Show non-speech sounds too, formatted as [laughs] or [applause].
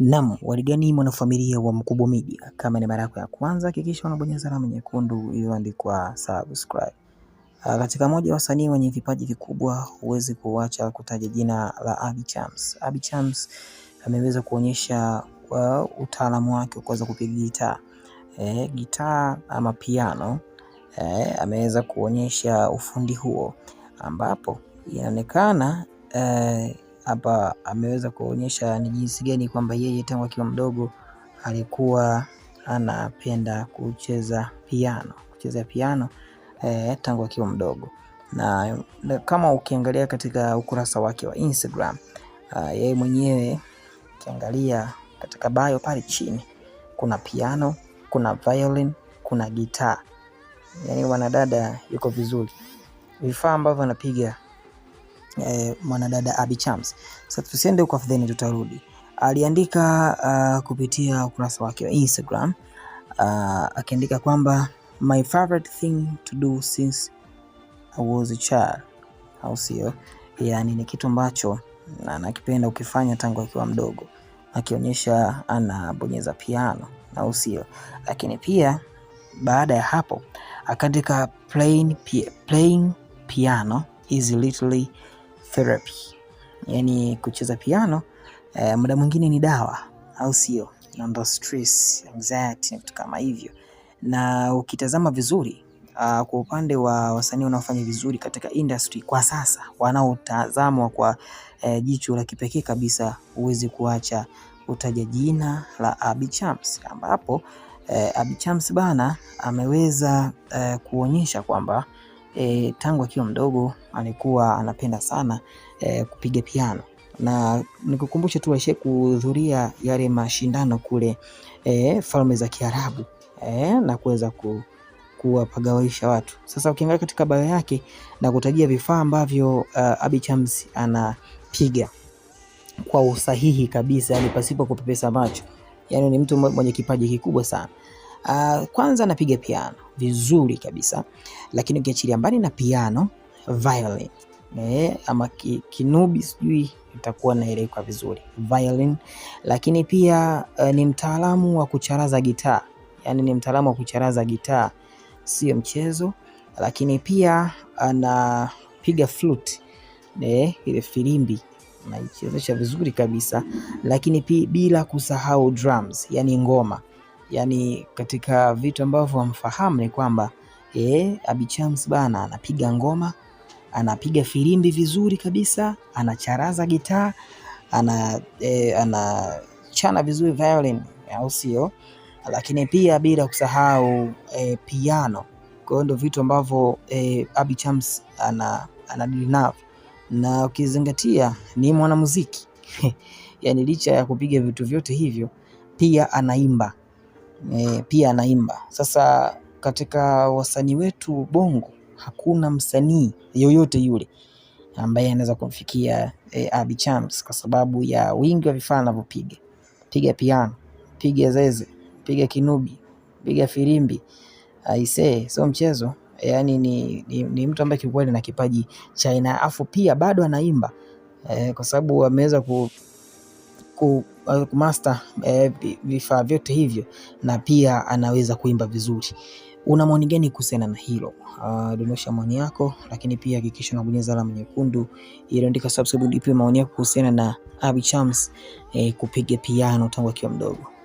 Naam, waligani mwanafamilia wa Mkubwa Media, kama ni mara yako ya kwanza hakikisha unabonyeza alama nyekundu iliyoandikwa subscribe. Ah, katika moja wasanii wenye vipaji vikubwa huwezi kuacha kutaja jina la Abby Chams. Abby Chams ameweza kuonyesha uh, utaalamu wake kuweza kupiga gitaa eh, gitaa ama piano eh, ameweza kuonyesha ufundi huo ambapo inaonekana eh, hapa ameweza kuonyesha ni jinsi gani kwamba yeye tangu akiwa mdogo alikuwa anapenda kucheza piano, kucheza piano eh, tangu akiwa mdogo na, na kama ukiangalia katika ukurasa wake wa Instagram uh, yeye mwenyewe ukiangalia katika bio pale chini kuna piano, kuna violin, kuna gitaa. Yaani wanadada yuko vizuri, vifaa ambavyo anapiga eh, mwanadada Abby Chams. Sasa tusiende huko afadhali tutarudi. Aliandika uh, kupitia ukurasa wake wa Instagram uh, akiandika kwamba my favorite thing to do since I was a child, au sio? Yani ni kitu ambacho anakipenda ukifanya tangu akiwa mdogo, akionyesha anabonyeza piano, au sio? Lakini pia baada ya hapo akaandika playing, playing piano is literally therapy, yani kucheza piano eh, muda mwingine ni dawa, au sio? Ndo stress, anxiety na vitu kama hivyo. Na ukitazama vizuri uh, kwa upande wa wasanii wanaofanya vizuri katika industry kwa sasa, wanaotazamwa kwa eh, jicho la kipekee kabisa, huwezi kuacha utaja jina la Abby Champs ambapo eh, Abby Champs bana ameweza eh, kuonyesha kwamba e, tangu akiwa mdogo alikuwa anapenda sana e, kupiga piano na nikukumbushe tu aishie kuhudhuria yale mashindano kule e, Falme za Kiarabu e, na kuweza ku, kuwapagawaisha watu. Sasa ukiangalia katika bio yake na kutajia vifaa ambavyo uh, e, Abby Chams anapiga kwa usahihi kabisa, yani pasipo kupepesa macho, yani ni mtu mwenye kipaji kikubwa sana. Uh, kwanza napiga piano vizuri kabisa, lakini ukiachilia mbali na piano, violin eh, ama kinubi sijui itakuwa naeleweka vizuri violin. Lakini pia uh, ni mtaalamu wa kucharaza gitaa, yani ni mtaalamu wa kucharaza gitaa, sio mchezo. Lakini pia anapiga flute eh, ile filimbi naichezesha vizuri kabisa, lakini pia bila kusahau drums, yani ngoma yani katika vitu ambavyo wamfahamu ni kwamba e, Abi Chams bana anapiga ngoma, anapiga filimbi vizuri kabisa, anacharaza gitaa, ana e, anachana vizuri violin, au sio? Lakini pia bila kusahau e, piano. Kwa hiyo ndio vitu ambavyo e, Abi Chams ana anadili navyo, na ukizingatia ni mwanamuziki [laughs] yani licha ya kupiga vitu vyote hivyo pia anaimba e, pia anaimba. Sasa katika wasanii wetu Bongo hakuna msanii yoyote yule ambaye anaweza kumfikia e, eh, Abby Chams kwa sababu ya wingi wa vifaa anavyopiga. Piga piano, piga zeze, piga kinubi, piga firimbi, aisee, sio mchezo. Yaani ni, ni, ni mtu ambaye kiukweli na kipaji cha aina, afu pia bado anaimba e, kwa sababu ameweza ku, ku master eh, vifaa vyote hivyo na pia anaweza kuimba vizuri. Una maoni gani kuhusiana na hilo? Uh, maoni yako, lakini pia hakikisha unabonyeza alama nyekundu iliyoandika subscribe, ndipo maoni yako kuhusiana na Abby Chams eh, kupiga piano tangu akiwa mdogo.